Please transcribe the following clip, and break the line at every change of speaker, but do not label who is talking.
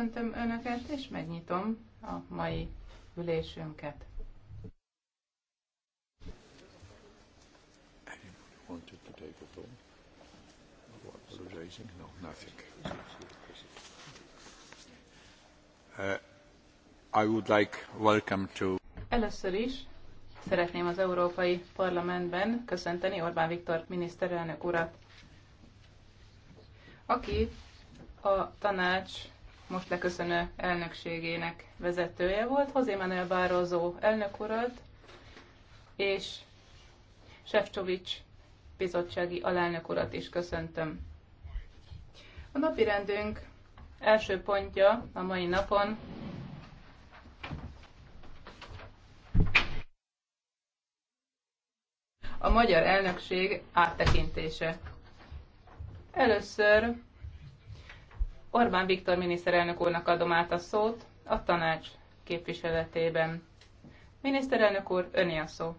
Köszöntöm Önöket, és megnyitom a mai ülésünket.
Uh, I would like welcome to
Először is szeretném az Európai Parlamentben köszönteni Orbán Viktor miniszterelnök urat, aki a tanács most leköszönő elnökségének vezetője volt, José Manuel Bározó elnök urat, és Sefcsovics bizottsági alelnök urat is köszöntöm. A napi rendünk első pontja a mai napon a magyar elnökség áttekintése. Először Orbán Viktor miniszterelnök úrnak adom át a szót a tanács képviseletében. Miniszterelnök úr, öné a szó.